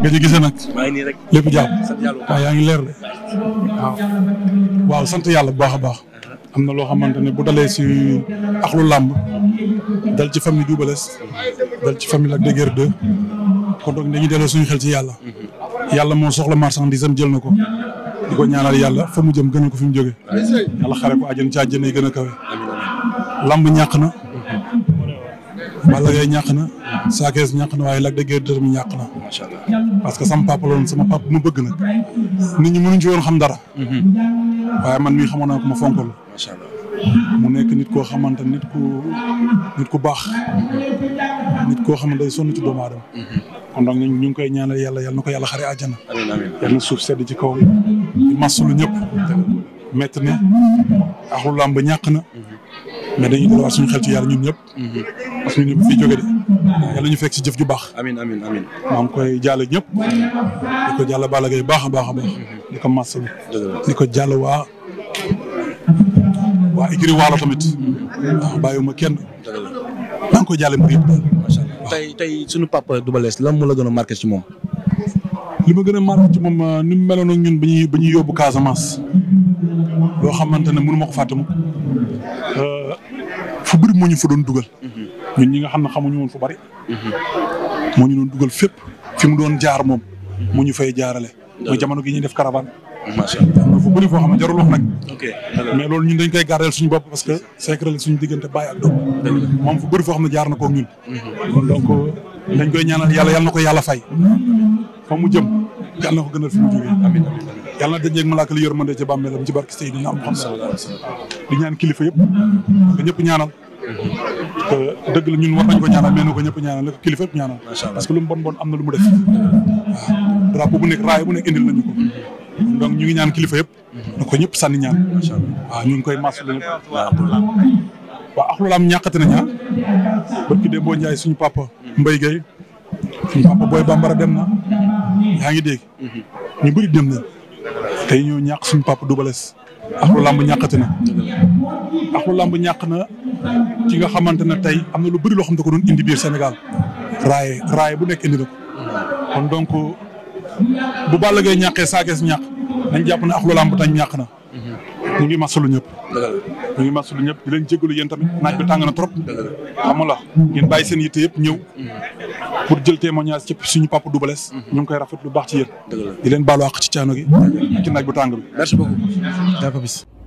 nga ci gisee nag. lépp jàpp waaw yaa ngi leer de waaw. sant yàlla bu baax a baax. Uh-huh. am na loo xamante ne bu dalee si axlu làmb dal ci famille Double dal ci famille Lac de Guiers 2 kon donc dañuy delloo suñu xel ci yàlla. Uh-huh. yàlla moo soxla marchandise am jël na ko. di ko ñaanal yàlla fa mu jëm gënal ko fi mu jóge yàlla xare ko gën a kawe. lamb ñàkk na. Uh-huh. Balla Gaye ñàkk na. Sa ñàkk na waaye Lac de Guiers 2 mi ñàkk na. macha parce que sama papa sama papa bu bëgg nag nit ñu mënuñ ci woon xam dara. Mhm. waaye man mii xamoon naa ko ma fonko macha allah mu nekk nit koo xamante nit ku nit ku baax nit koo xam ne day sonn ci doomu aadama. Mhm. kon donc ñu ngi koy ñaanal yàlla yàlla na ko yàlla xare àjjana. yàlla na suuf sedd ci kaw di masulu ñëpp. métti na axul làmb ñàkk na. Mhm. mais dañuy delluwaat suñu xel ci yàlla ñun ñëpp. parce que ñu fi jóge de yàlla ñu fekk ci jëf ju baax. amiin amiin amiin maa ngi koy jàll ñëpp. di ko jàll Balla Gaye baax a baax a baax. di ko masawu. di ko jàll waa waa Igri Waalo tamit. Ah, kenn. maa ngi koy jàll mbir yëpp tey tey sunu papa Double Less la moo la gën a marqué ci moom. li ma gën a marqué ci moom ah, ni mu meloon ak ñun ba ñuy ba ñuy yóbbu Casamance. loo xamante ne mënu ma ko moo ñu doon dugal. ñun ñi nga xam ne xamuñu woon fu bari. moo ñu doon dugal fépp fi mu doon jaar moom. moo ñu fay jaarale. mooy jamono gi ñuy def caravane. macha allah am na fu bëri foo xam ne jarul wax nag. ok mais loolu suñu bopp parce que secret la suñu diggante bàyyi ak doom. moom fu bëri foo xam ne jaar na koog ñun. Mhm. donc dañ koy ñaanal yàlla yàlla na ko yàlla fay. fa mu jëm yàlla na ko gënal fi mu jógee. amiin amiin yàlla na dajeeg malaaka li yërmande ci bàmmeelam ci barke Seydina am xam ne di ñaan kilifa yëpp ñëpp ñaanal. dëgg la ñun war nañ ko ñaanal mais na ko ñëpp ñaanal la kilifa yëpp ñaanal parce que lu mu bon bon am na lu def waaw drapeau bu nekk raay bu nekk indil nañu ko donc ñu ngi ñaan kilifa yëpp na ko ñëpp sànni ñaan waaw ñu ngi koy mas lu waaw axlu laam ñàkkati nañ ah barki dee boo njaay suñu papa Mbaye Gueye suñu dem na ngi dégg mhm. ñu bëri dem nañ tey ñoo ñàkk suñu papa Doubalès axlu lamb ñàkkati na axlu lamb na ki nga xamante ne tey am na lu bëri loo xam ne da ko doon indi biir Sénégal raaye raaye bu nekk indi na kon donc bu Balla Gaye ñàkkee Sa Thiès ñàkk nañ jàpp na ak lu lamb tañ ñàkk na ñu ngi masalu ñëpp ñu ngi masalu ñëpp di leen jégalu yéen tamit naaj bi tàng na trop xam nga la bàyyi seen yitte yëpp ñëw pour jël témoignage ci suñu papa Doubalès mm-hmm. ñu ngi koy rafet lu baax ci yéen di leen baalu àq ci caano gi ci naaj bu tàng bi merci beaucoup